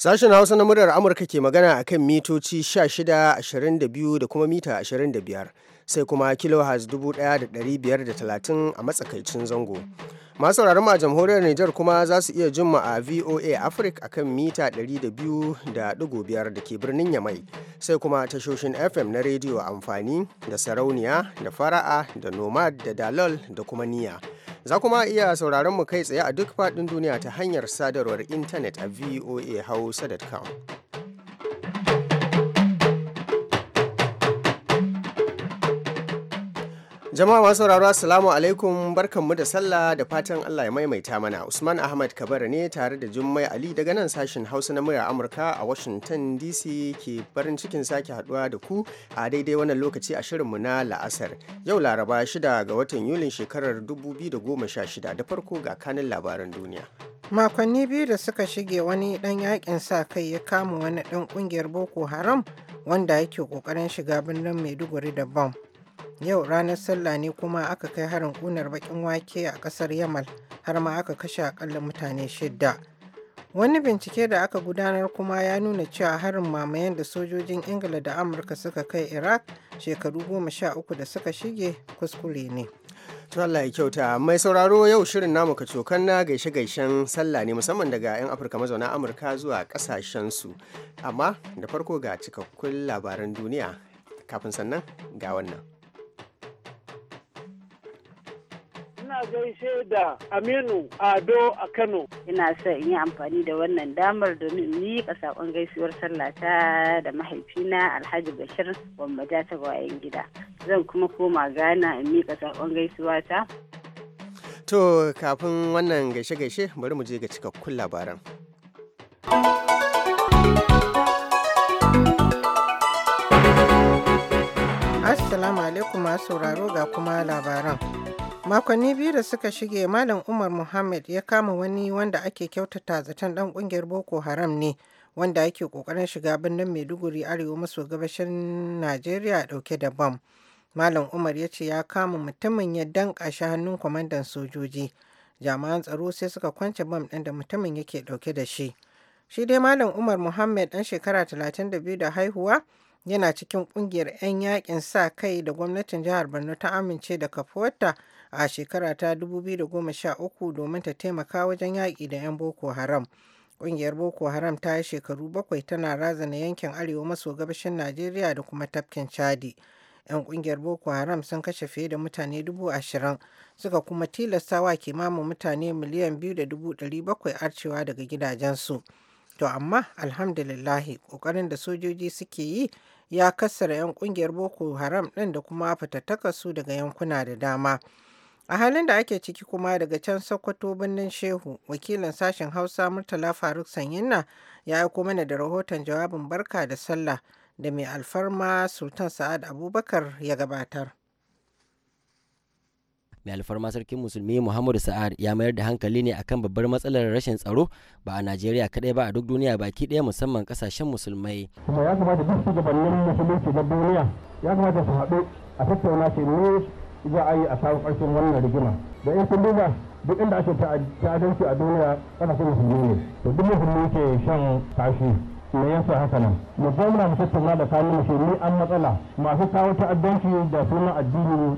Sashen Hausa na muryar Amurka ke magana a kan mitoci 16, 22 da kuma mita 25. sai kuma kilohertz 1530 a matsakaicin zango. masu ma jamhuriyar Nijar kuma za su iya jin a VOA Africa akan mita 200.5 da ke birnin Yamai sai kuma tashoshin FM na rediyo amfani da sarauniya da fara'a da nomad da dalol da kuma niya. Za kuma iya sauraron mu kai tsaye a duk faɗin duniya ta hanyar sadarwar intanet a voa hausa.com. Jama'a masu sauraro Assalamu alaikum barkanmu da sallah da fatan Allah ya maimaita mana. Usman Ahmad Kabara ne tare da Jummai Ali daga nan sashen Hausa na murya Amurka a Washington DC ke barin cikin sake haduwa da ku a daidai wannan lokaci a shirinmu na la'asar. Yau Laraba 6 ga watan Yulin shekarar 2016 da farko ga kanin labaran duniya. Makonni biyu da suka shige wani dan yakin sa kai ya kama wani dan kungiyar Boko Haram wanda yake kokarin shiga birnin Maiduguri da bomb. Yau ranar sallah ne kuma aka kai harin kunar bakin wake a kasar Yamal har ma aka kashe akalla mutane shidda. Wani bincike da aka gudanar kuma ya nuna cewa harin mamayen da sojojin Ingila da Amurka suka kai Iraq shekaru goma sha uku da suka shige kuskure ne. To Allah ya kyauta mai sauraro yau shirin namu ka cokan na gaishe gaishen sallah ne musamman daga 'yan Afirka mazauna Amurka zuwa kasashen su. Amma da farko ga cikakkun labaran duniya kafin sannan ga wannan. gaishe da Aminu Ado a Kano. Ina son in yi amfani da wannan damar domin in miƙa saƙon gaisuwar sallata da mahaifina Alhaji Bashir Gwammaja ta bayan gida. Zan kuma koma gana in miƙa saƙon gaisuwa ta. To kafin wannan gaishe-gaishe bari mu je ga cikakkun labaran. Assalamu alaikum masu sauraro ga kuma labaran. makonni biyu da suka shige malam umar muhammad ya kama wani wanda ake kyautata zaton dan kungiyar boko haram ne wanda ake kokarin shiga birnin maiduguri arewa maso gabashin najeriya dauke da bam malam umar ya ce ya kama mutumin ya danka shi hannun kwamandan sojoji jami'an tsaro sai suka kwance bam ɗin da mutumin yake dauke da shi shi dai malam umar muhammad ɗan shekara 32 da haihuwa yana cikin ƙungiyar 'yan yakin sa kai da gwamnatin jihar borno ta amince da kafuwarta a shekara ta 2013 domin ta taimaka wajen yaƙi da 'yan Boko Haram. Ƙungiyar Boko Haram ta yi shekaru bakwai tana razana yankin arewa maso gabashin Najeriya da kuma tafkin Chadi. 'Yan ƙungiyar Boko Haram sun kashe fiye da mutane dubu ashirin suka kuma tilasta wa kimanin mutane miliyan biyu da dubu ɗari bakwai arcewa daga gidajensu. To amma alhamdulillahi ƙoƙarin da sojoji suke yi ya kassara 'yan ƙungiyar Boko Haram ɗin da kuma su daga yankuna da dama. a halin da ake ciki kuma daga can sokoto birnin shehu wakilin sashen hausa murtala faruk sanyinna ya aiko mana da rahoton jawabin barka da sallah da mai alfarma sultan sa'ad abubakar ya gabatar mai alfarma sarkin musulmi muhammadu sa'ad ya mayar da hankali ne akan babbar matsalar rashin tsaro ba a najeriya kadai ba a duk duniya baki daya musamman kasashen musulmai kuma ya kamata duk shugabannin musulunci na duniya ya kamata su haɗu a tattauna ce ne za a yi a samu ƙarshen wannan rigima da in kun duba duk inda ake ta'addanci a duniya ƙasashen musulmi ne to duk musulmi ke shan kashi me yasa haka nan mu zauna mu tattauna da kanin ni an matsala masu kawo ta'addanci da sunan addini mu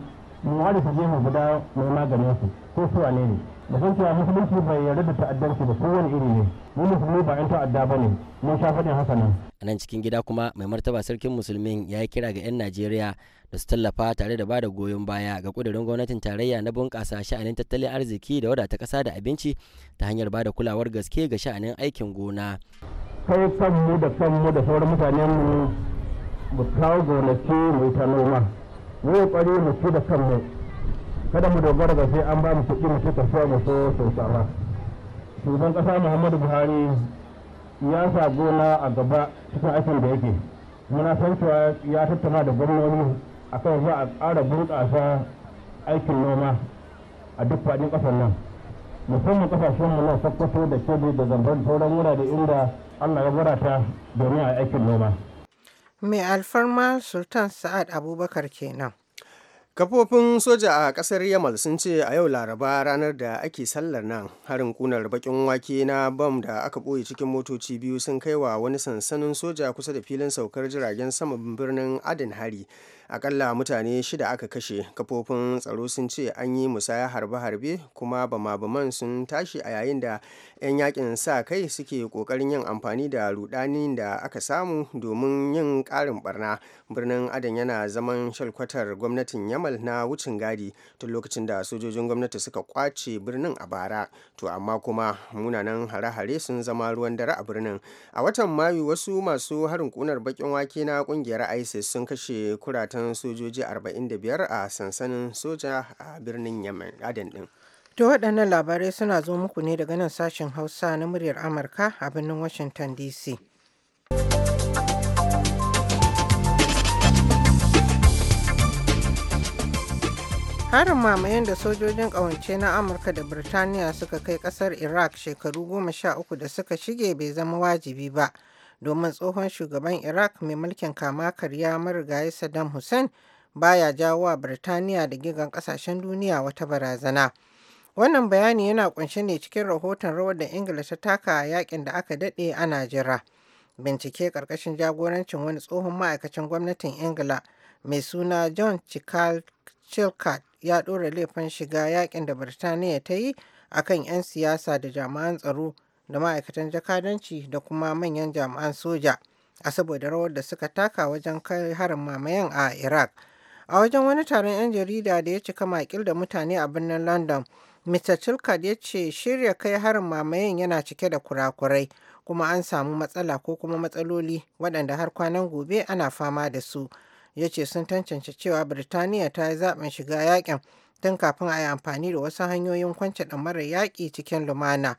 wani da mu guda mai maganin su ko su wane ne da san cewa musulunci bai yarda da ta'addanci ba kowane iri ne mu musulmi ba 'yan ta'adda ba ne mun sha faɗin haka nan a nan cikin gida kuma mai martaba sarkin musulmin ya yi kira ga 'yan najeriya da su tallafa tare da bada goyon baya ga kudirin gwamnatin tarayya na bunƙasa sha'anin tattalin arziki da wadata ƙasa da abinci ta hanyar bada kulawar gaske ga sha'anin aikin gona. kai kanmu da kanmu da sauran mutanen mu mu kawo gonaki mu ta noma mu yi ƙwari mu ci da kanmu kada mu dogara ga sai an ba mu kuɗi mu ci mu so sosawa shugaban ƙasa muhammadu buhari ya sa gona a gaba cikin aikin da yake muna san cewa ya tattauna da gwamnoni akan za a ƙara bunƙasa aikin noma a duk faɗin ƙasar nan musamman ƙasashen mu na sokoto da kebe da zamban sauran wurare inda allah ya barata domin a aikin noma mai alfarma sultan sa'ad abubakar kenan kafofin soja a kasar yamal sun ce a yau laraba ranar da ake sallar nan harin kunar bakin wake na bam da aka ɓoye cikin motoci biyu sun kai wa wani sansanin soja kusa da filin saukar jiragen saman birnin adin hari akalla mutane shida aka kashe kafofin tsaro sun ce an yi musaya harbe-harbe kuma bama-baman sun tashi a yayin da 'yan yakin sa kai suke kokarin yin amfani da rudanin da aka samu domin yin karin barna birnin adan yana zaman shalkwatar gwamnatin yamal na wucin gadi tun lokacin da sojojin gwamnati suka kwace birnin a bara to amma kuma munanan hare-hare sun zama ruwan dare a birnin a watan mayu wasu masu harin kunar bakin wake na kungiyar isis sun kashe kuratan sojoji 45 a sansanin soja a birnin yamal adan din To waɗannan labarai suna zo muku ne daga nan sashen Hausa na muryar Amurka a birnin Washington DC. Harin mamayen da sojojin ƙawance na Amurka da Birtaniya suka kai ƙasar Iraq shekaru goma sha uku da suka shige bai zama wajibi ba, domin tsohon shugaban Iraq mai mulkin kama karya marigayi Saddam Hussein baya jawo wa Birtaniya da gigan ƙasashen duniya wata barazana. Wannan bayani yana kunshe ne cikin rahoton rawar da Ingila ta taka a yakin da aka daɗe ana jira. Bincike ƙarƙashin jagorancin wani tsohon ma'aikacin gwamnatin Ingila mai suna John Chilcot ya ɗora laifin shiga yakin da Birtaniya ta yi akan 'yan siyasa da jami'an tsaro da ma'aikatan jakadanci da kuma manyan jami'an soja a saboda rawar da suka taka wajen kai harin mamayen a Iraq. A wajen wani taron 'yan jarida da ya cika makil da mutane a birnin London, Mr. Tilkard ya ce shirya kai harin mamayen yana cike da kurakurai kuma an samu matsala ko kuma matsaloli waɗanda har kwanan gobe ana fama da su. Ya ce sun tantance cewa Birtaniya ta yi zaɓin shiga yakin tun kafin a yi amfani da wasu hanyoyin kwance ɗamarar yaƙi cikin lumana.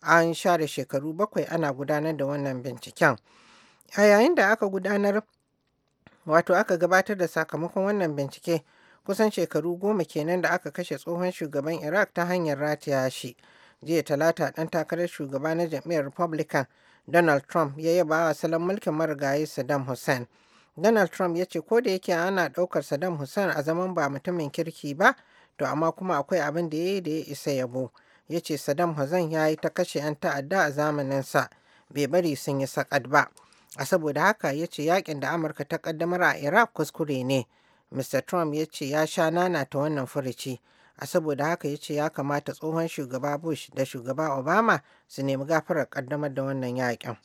An share shekaru bakwai ana gudanar da wannan binciken. A yayin da aka gudanar wato aka gabatar da sakamakon wannan bincike kusan shekaru goma kenan da aka kashe tsohon shugaban iraq ta hanyar rataya shi jiya talata dan takarar shugaba na Jami'ar republican donald trump ya yaba wa salon mulkin marigayi saddam hussein donald trump ya ce ko da yake ana daukar saddam hussein a zaman ba mutumin kirki ba to amma kuma akwai abin da ya yi da ya isa yabo ya ce saddam hussein ya yi ta kashe 'yan ta'adda a zamaninsa bai bari sun yi sakad ba a saboda haka ya ce yakin da amurka ta kaddamar a iraq kuskure ne Mr. Trump ya ce ya sha nana ta wannan furuci, a saboda haka ya ce ya kamata tsohon shugaba Bush da shugaba Obama su nemi gafarar kaddamar da wannan yakin.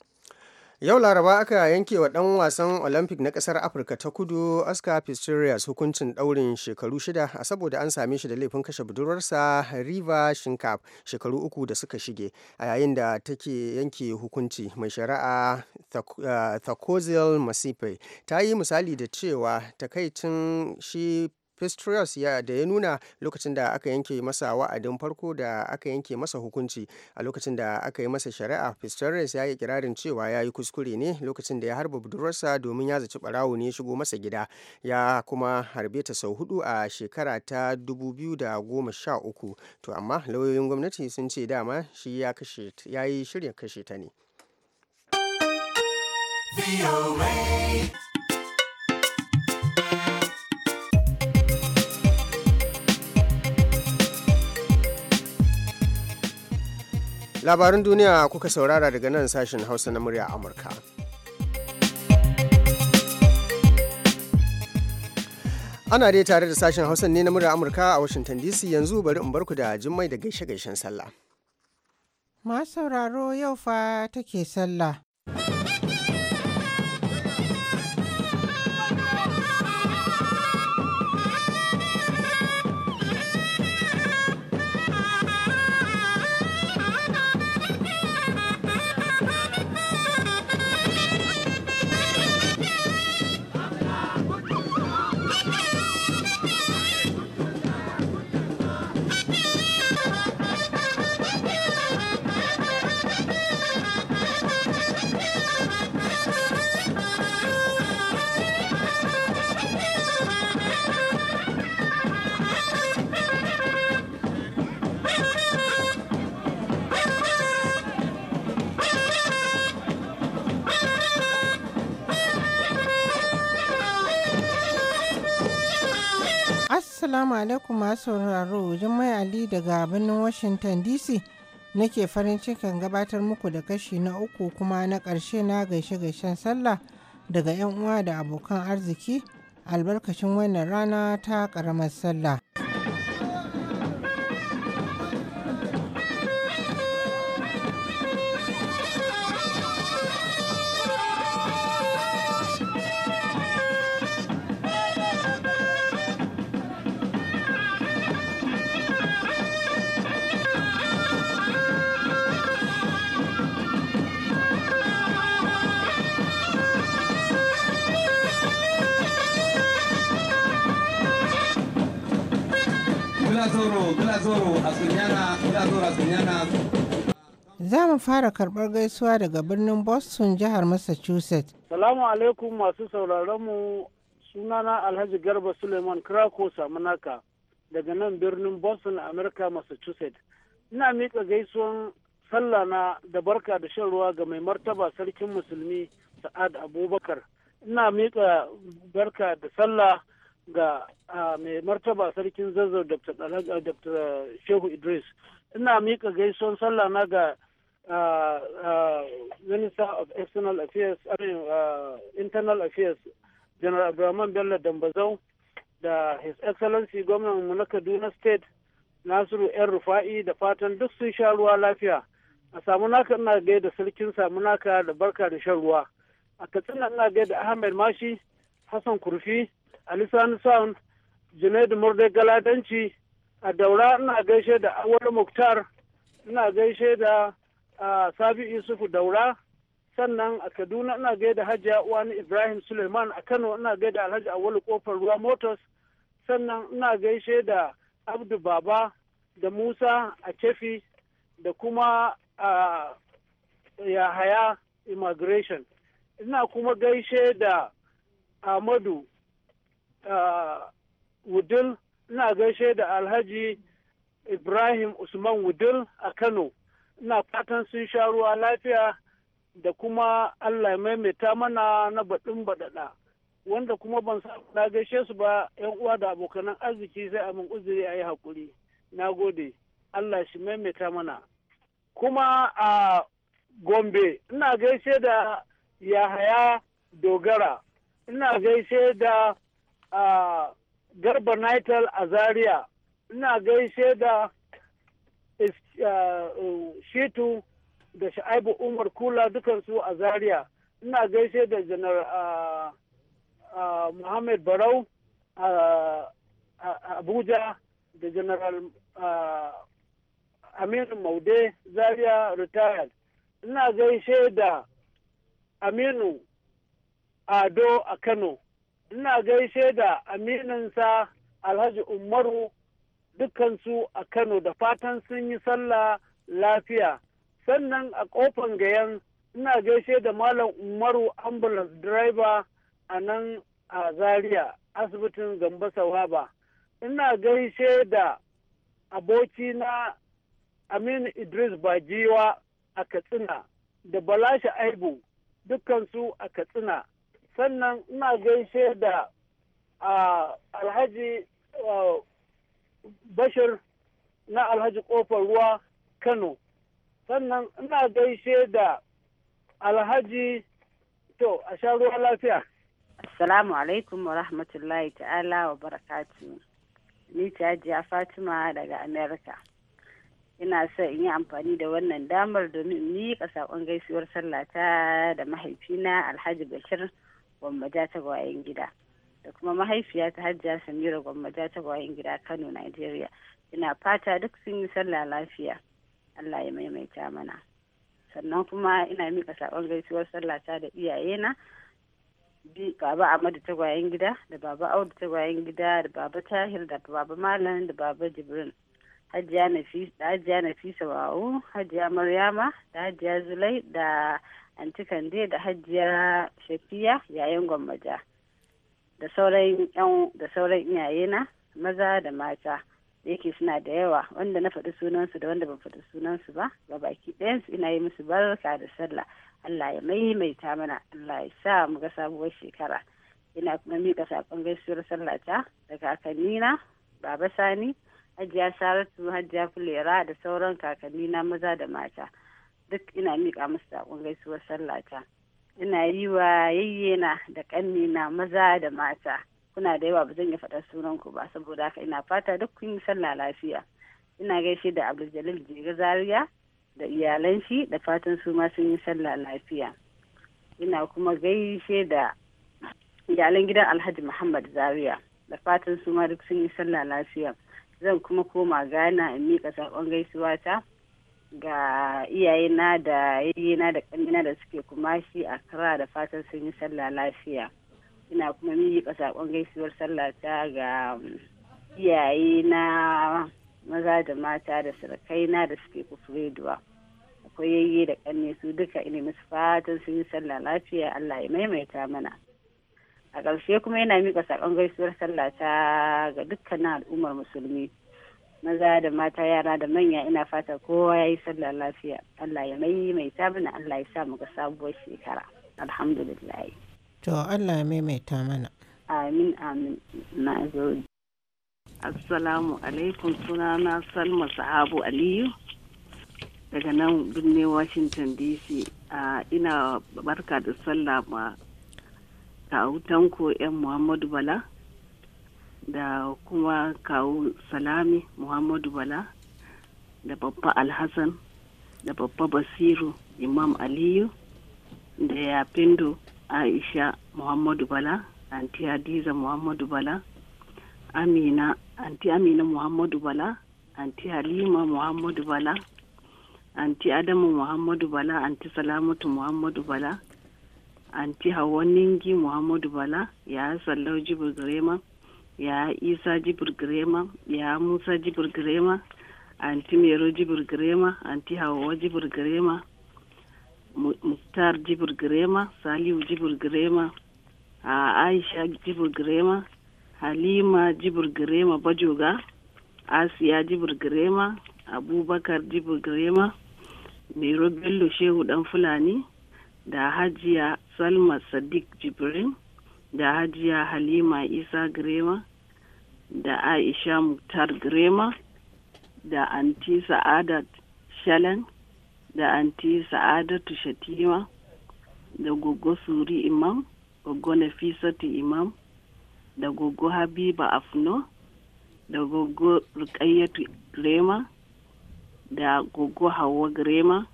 yau laraba aka yanke wa dan wasan olympic na kasar afirka ta kudu oscar pistorius hukuncin daurin shekaru shida a saboda an same shi da laifin kashe budurwarsa riva shinkaf shekaru uku da suka shige a yayin da take yanke hukunci mai shari'a eh, thakozil masipe ta yi misali da cewa takaicin shi pistorius ya da ya nuna lokacin da aka yanke masa wa'adin farko da aka yanke masa hukunci a lokacin da aka yi masa shari'a pistorius ya yi kirarin cewa ya yi kuskure ne lokacin da ya harba budurarsa domin ya zaci barawo ne shigo masa gida ya kuma harbe ta sau hudu a shekara ta 2013 to amma lauyoyin gwamnati sun ce dama shi ya kashe yi shirya kashe ta ne. labarin duniya kuka saurara daga nan sashen hausa na murya amurka ana dai tare da sashen hausa ne na murya amurka a washington dc yanzu bari in barku da jimmai da gaishe-gaishen sallah masu sauraro yau fa take sallah Assalamu alaikum masu sauraro Jummai Ali daga birnin Washington DC nake farin cikin gabatar muku da kashi na uku kuma na ƙarshe na gaishe-gaishen sallah daga 'yan uwa da abokan arziki albarkacin wannan rana ta ƙaramar sallah. Za mu fara karɓar gaisuwa daga birnin Boston jihar Massachusetts. Salamu alaikum masu sauraronmu sunana Alhaji Garba Suleiman Krako Samunaka daga nan birnin Boston, America, Massachusetts. Ina miƙa gaisuwan sallah na da barka da shan ruwa ga mai martaba sarkin musulmi Sa'ad Abubakar. Ina miƙa barka da sallah ga mai martaba sarkin zazzau dr shehu idris ina mika gaisuwan sallah na ga minister of external affairs internal affairs general abraman bello dambazau da his excellency gwamnan mu na kaduna state nasiru yan rufa'i da fatan duk sun sha ruwa lafiya a samu naka ina gaida sarkin samu naka da barka da shan ruwa a katsina ina gaida ahmed mashi hassan kurfi alisani sound junaidu murde galadanci a daura ina gaishe da awar muktar ina gaishe da sabi yusufu daura sannan a kaduna ina da hajiya uwani ibrahim suleiman a kano ina da alhaji awolu kofar ruwa motors sannan ina gaishe da abdu baba da musa a kefi da kuma a yahaya immigration ina kuma gaishe da amadu wudil ina gaishe da alhaji ibrahim usman wudil a kano ina fatan sun sha ruwa lafiya da kuma allah maimaita mana na baɗin baɗaɗa wanda kuma ban na gaishe su ba yan uwa da abokan arziki sai a min uzuri a yi haƙuri na gode allah shi maimaita mana kuma a gombe ina gaishe da yahaya dogara ina gaishe da garba nital a zaria ina gaishe da shitu da sha'ibu umar kula dukansu a zaria ina gaishe da janar muhammad barau a abuja da general aminu maude zaria retired ina gaishe da aminu ado a kano ina gaishe da aminansa alhaji umaru dukansu a kano da fatan sun yi sallah lafiya sannan a kofan gayan ina gaishe da malam umaru ambulance driver a nan a zaria asibitin gamba sawaba ina gaishe da abokina aminu idris bajiwa a katsina da balashi aibu dukansu a katsina sannan ina gaishe da alhaji bashir na alhaji kofar ruwa kano sannan ina gaishe da alhaji to a sha ruwa lafiya assalamu alaikum wa rahmatullahi ta'ala wa barakati ni ta fatima daga amerika ina so in yi amfani da wannan damar domin miƙa saƙon gaisuwar sallata da mahaifina alhaji bashir gwammaja ta gwayen gida da kuma mahaifiya ta hajjiya samira gwammaja ta gwayen gida kano nigeria ina fata duk sun yi sallah lafiya allah ya maimaita mana sannan kuma ina mika sabon gaisuwar sallah ta da iyayena bi baba amadu ta tagwayen gida da baba audu ta gwayen gida da baba tahir da baba malam da baba jibrin hajiya nafisa wawu hajiya maryama da hajiya zulai da antikande kande da hajiya shafiya yayin gwammaja da sauran yan da sauran iyayena maza da mata da yake suna da yawa wanda na faɗi sunansu da wanda ban faɗi sunansu ba ga baki ɗayansu ina yi musu barka da sallah Allah ya maimaita mana Allah ya sa mu ga sabuwar shekara ina kuma miƙa saƙon gaisuwar sallata daga kakannina baba sani hajiya saratu hajjiya fulera da sauran kakannina maza da mata duk ina miƙa musu saƙon gaisuwar sallata ina yi wa yayyena da ƙannina maza da mata kuna da yawa ba zan iya faɗar sunan ku ba saboda haka ina fata duk kun yi sallah lafiya ina gaishe da Abdul Jalil Zaria da iyalan shi da fatan su ma sun yi sallah lafiya ina kuma gaishe da iyalan gidan Alhaji Muhammad Zaria da fatan su ma duk sun yi sallah lafiya zan kuma koma Ghana in miƙa saƙon gaisuwa ta ga iyayena da yayyena da kanina da suke kumashi a kara da fatan sun yi sallah lafiya ina kuma miƙa saƙon gaisuwar sallah ta ga um, iyayena maza da mata da surakaina da suke kufureduwa akwai yayye da kanne su duka ina musu fatan sun yi sallah lafiya allah ya maimaita mana a ƙarshe kuma yana miƙa saƙon gaisuwar sallah ta ga dukkanin al'ummar musulmi maza da mata yara da manya ina fata kowa ya yi sallar lafiya Allah ya mai mai tabina Allah ya sa ga sabuwar shekara alhamdulillah to Allah ya maimaita mana amin amin na gode assalamu alaikum sunana salma sahabu aliyu daga nan birnin washington dc ina barka da sallah ma yan muhammadu bala da kuma kawo salami muhammadu bala da babba alhassan da babba basiru imam aliyu da yafindo aisha muhammadu bala anti hadiza muhammadu bala amina anti amina muhammadu bala anti halima muhammadu bala anti adamu muhammadu bala anti salamatu muhammadu bala anti hawa ningi muhammadu bala ya sallau jibu zurema ya isa jibir girema ya musa jibir girema anti mero jibir girema anti hawa jibir girema muktar jibir girema saliu jibir girema aisha jibir girema halima jibir girema bajoga asiya jibir girema abubakar jibir girema mero bello shehu dan fulani da hajiya salma sadiq jibrin da hajiya halima isa girema da aisha mutar grema da anti sa'adat shalen da anti sa'adatu shatima da gogo suri imam gogo nafisatu imam da gogo habiba afno da gogo rukayyatu grema da gogo hawa grema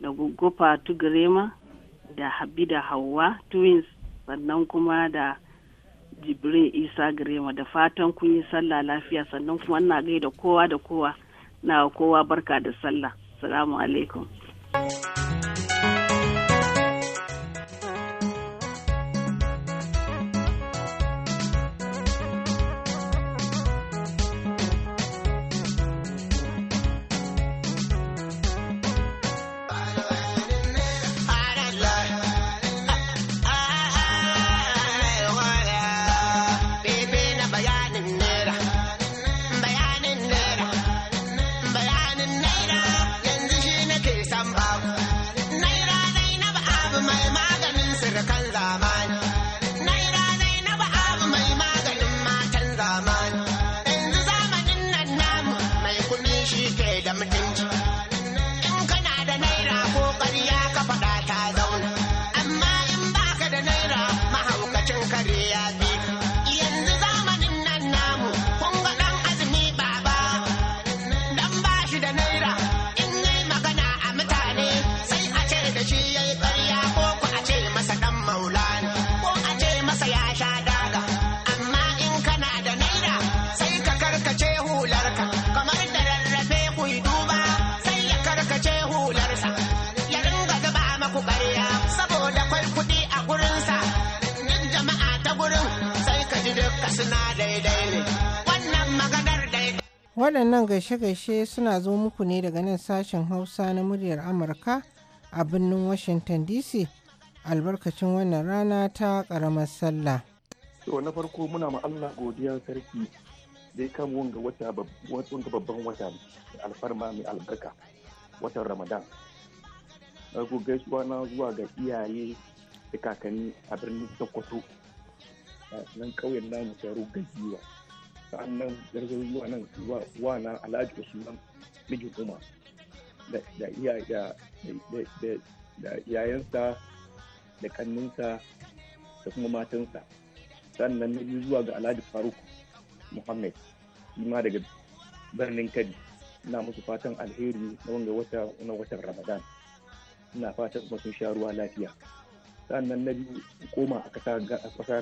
da gogo fatu grema da habida hawa twins sannan kuma da jibrin isa girema da fatan kun yi sallah lafiya sannan kuma ina gaida kowa da kowa na kowa barka da sallah salamu alaikum Waɗannan gaishe-gaishe suna zo muku ne daga nan sashen Hausa na muryar Amurka a birnin Washington DC albarkacin wannan rana ta karamar sallah. To na farko muna ma Allah godiya sarki dai kan wanga wata babban wata alfarma mai albarka watan Ramadan. Ku gaisuwa na zuwa ga iyaye da kakanni a birnin Sokoto. Nan ƙauyen namu taro gajiya. sa'an nan garzo zuwa nan wa na alhaji usman mijin kuma da iyayensa da kanninsa da kuma matansa sannan na biyu zuwa ga alhaji faruk muhammad ma daga birnin kadi ina musu fatan alheri na wanga wata na watan ramadan ina fatan kuma sun sha ruwa lafiya sannan na biyu koma a kasa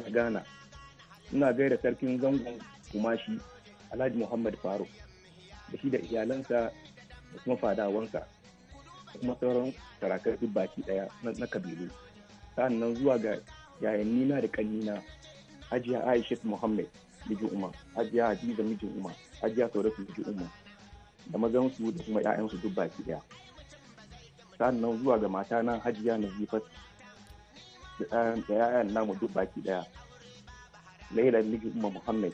na ghana ina gaida sarkin zangon kumashi alhaji muhammad faro da shi da iyalansa da kuma fadawansa da kuma sauran sarakar duk baki daya na kabilu sa'annan zuwa ga yayannina da kanina hajiya aisha muhammad miji umar hajiya hadiza miji umar hajiya sauratu miji umar da mazansu da kuma 'ya'yansu duk baki daya sa'annan zuwa ga na hajiya nazifat da 'ya'yan namu duk baki daya laila miji umar muhammad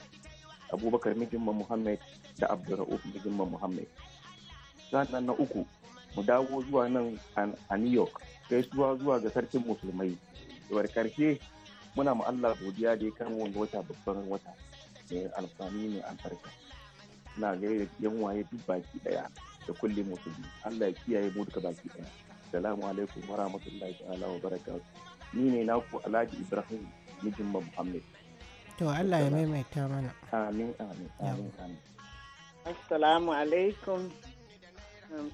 abubakar mijimman muhammad da abdurra'uf mijimman muhammad sannan na uku mu dawo zuwa nan a new york gaisuwa zuwa ga sarkin musulmai da karshe muna mu allah godiya da ya kama wani wata babban wata mai alfani mai albarka na gaida yan waye duk baki daya da kulle musulmi allah ya kiyaye mu duka baki daya salamu alaikum wa rahmatullahi ta'ala wa barakatuh ni ne naku alhaji ibrahim mijimma muhammad To Allah ya maimaita mana. Amin amin amin amin. Assalamu alaikum.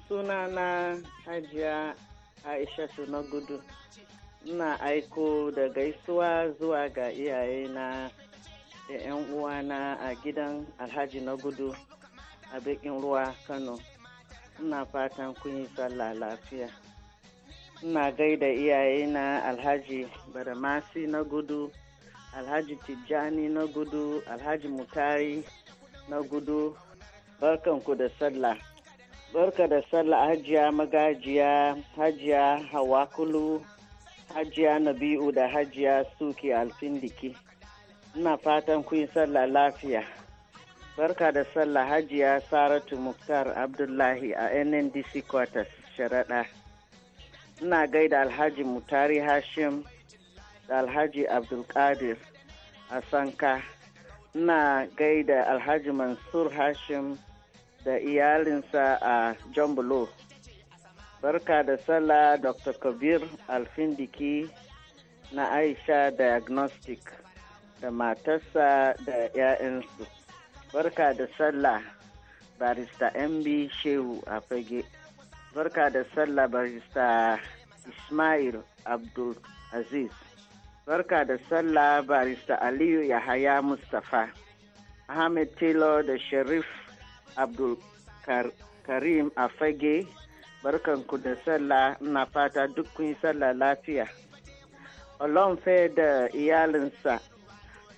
Suna na Hajiya Aisha na gudu. Ina aiko da gaisuwa zuwa ga iyaye na da 'yan uwana a gidan Alhaji na gudu a bikin ruwa Kano. Ina fatan kun yi sallah lafiya. Ina gaida iyaye na Alhaji Baramasi na gudu. alhaji tijjani na gudu alhaji mutari na gudu barkanku da sallah barka da sallah hajiya magajiya hajiya hawakulu hajiya nabi'u da hajiya suki alfindiki ina fatan kun yi sallah lafiya barka da sallah hajiya saratu muktar abdullahi a nndc quarters sharaɗa ina gaida alhaji mutari hashim da alhaji abdulkadir asanka na gaida alhaji mansur hashim da iyalinsa a jambulo barka da sallah dr kabir alfindiki na aisha diagnostic da matarsa da 'ya'yansu barka da sallah barista mb shehu a fage barka da sallah barista ismail abdul aziz Barka da sallah barista Aliyu Yahaya mustafa Ahmed Taylor da Sharif Abdul Karim a fage, barkanku da sallah na fata duk kun sallah lafiya. Olonfe da iyalinsa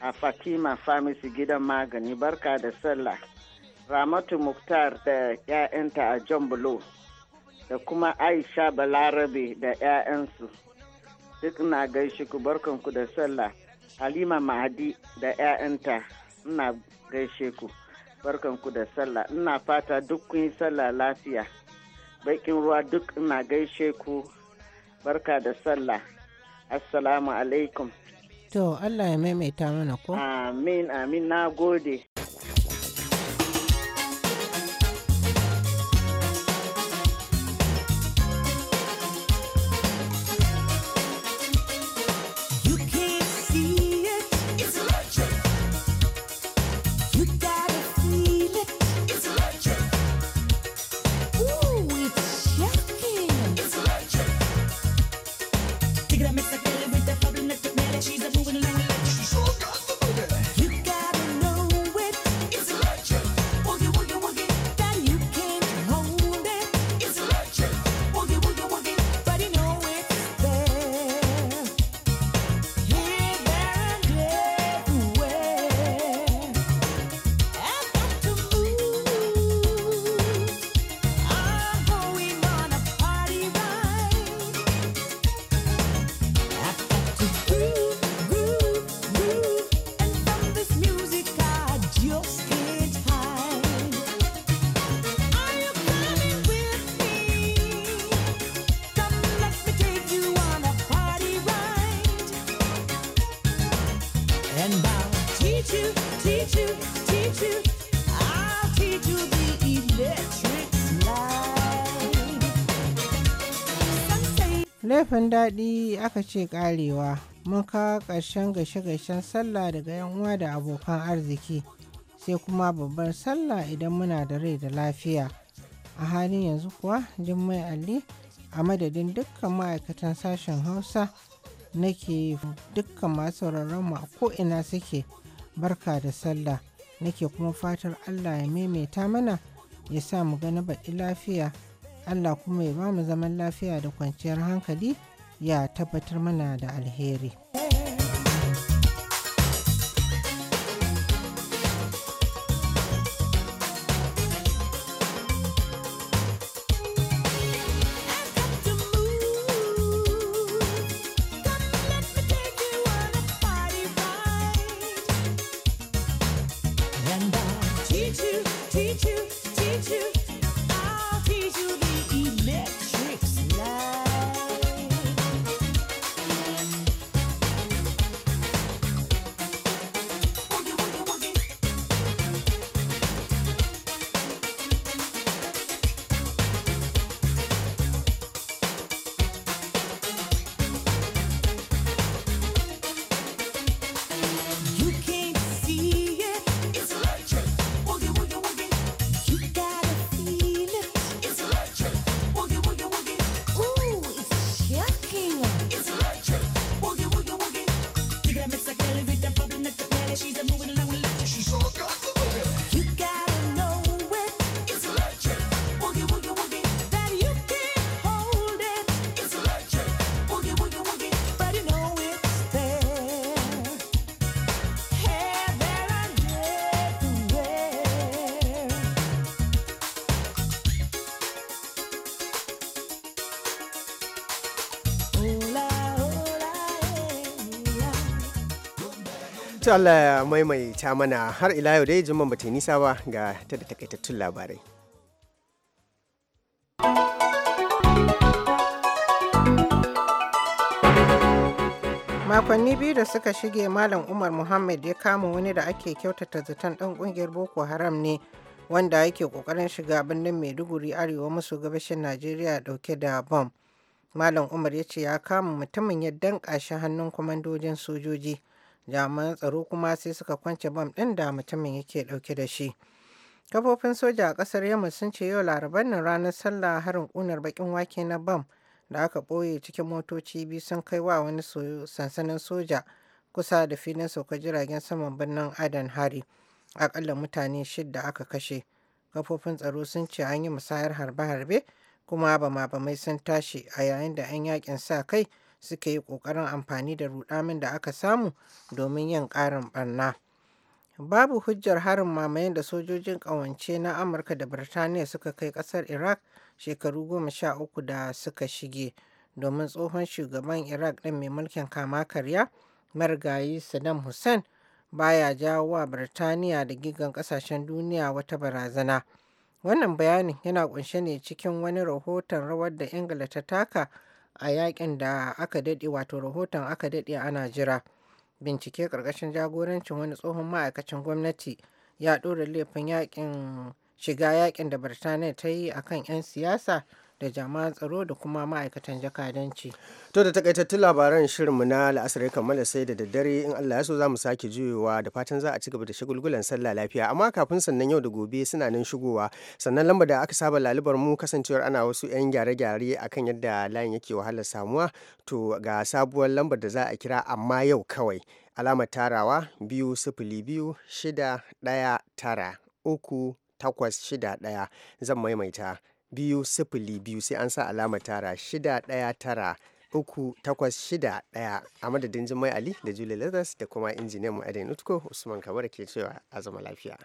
a Fatima Famisi gidan magani barka da sallah. Ramatu Muktar da 'ya'yanta a John Bulo da kuma Aisha Balarabe da 'ya'yansu. duk na gaishe ku barkanku da sallah halima Mahadi da 'ya'yanta ina gaishe ku barkanku da sallah ina fata duk kun yi sallah lafiya bakin ruwa duk ina gaishe ku barka da sallah assalamu alaikum to allah ya maimaita mana ko amin amin na gode kafin daɗi aka ce ƙarewa mun kawo ƙarshen gaishe-gaishen sallah daga 'yan uwa da abokan arziki sai kuma babbar sallah idan muna da rai da lafiya a halin yanzu kuwa jimmai alli a madadin dukkan ma'aikatan sashen hausa nake dukkan masu mu a ko'ina suke barka da sallah nake kuma fatar allah ya maimaita mana ya sa mu gani baɗi lafiya Allah kuma ya ba mu zaman lafiya da kwanciyar hankali ya tabbatar mana da alheri. To Allah maimaita mana har ila yau dai juma'a bata nisa ba ga ta da takaitattun labarai. makonni biyu da suka shige malam umar muhammad ya kama wani da ake kyautata zaton dan kungiyar boko haram ne wanda yake kokarin shiga birnin maiduguri arewa maso gabashin najeriya dauke da bom malam umar ya ce ya kama mutumin ya danƙa shi hannun kwamandojin sojoji jami'an tsaro kuma sai suka kwance bam ɗin da mutumin yake ɗauke da shi kafofin soja a kasar yamma sun ce yau laraban nan ranar sallah harin kunar baƙin wake na bam da aka ɓoye cikin motoci biyu sun kai wa wani sansanin soja kusa da filin sauka jiragen saman birnin adan hari akalla mutane shidda aka kashe kafofin tsaro sun ce an yi musayar harbe-harbe kuma ba mai sun tashi a yayin da 'yan yakin sa kai suka yi ƙoƙarin amfani da rudamin da aka samu domin yin ƙarin barna. Babu hujjar harin mamayen da sojojin ƙawance na Amurka da Birtaniya suka kai ƙasar Iraq shekaru goma sha uku da suka shige domin tsohon shugaban Iraq ɗin mai mulkin kama karya marigayi Saddam Hussein baya jawo wa Birtaniya da gigan ƙasashen duniya wata barazana. Wannan bayanin yana ƙunshe ne cikin wani rahoton rawar da Ingila ta taka a yakin da aka daɗe wato rahoton aka daɗe ana jira bincike ƙarƙashin jagorancin wani tsohon ma'aikacin gwamnati ya ɗora laifin yakin shiga yakin da birtaniya ta yi akan 'yan siyasa da jami'an tsaro da kuma ma'aikatan jakadanci. To da takaitattun labaran shirinmu na la'asar ya kammala sai da daddare in Allah ya so za mu sake juyowa da fatan za a ci gaba da shagulgulan sallah lafiya amma kafin sannan yau da gobe suna nan shigowa sannan lamba da aka saba lalibar mu kasancewar ana wasu 'yan gyare-gyare kan yadda layin yake wahalar samuwa to ga sabuwar lambar da za a kira amma yau kawai alamar tarawa biyu sifili biyu shida ɗaya tara uku takwas shida ɗaya zan maimaita biyu sifili biyu sai an sa alama tara shida ɗaya tara uku takwas shida ɗaya a madadin jimai ali da julie leathers da kuma injiniyan mu utko usman kabar ke cewa a zama lafiya.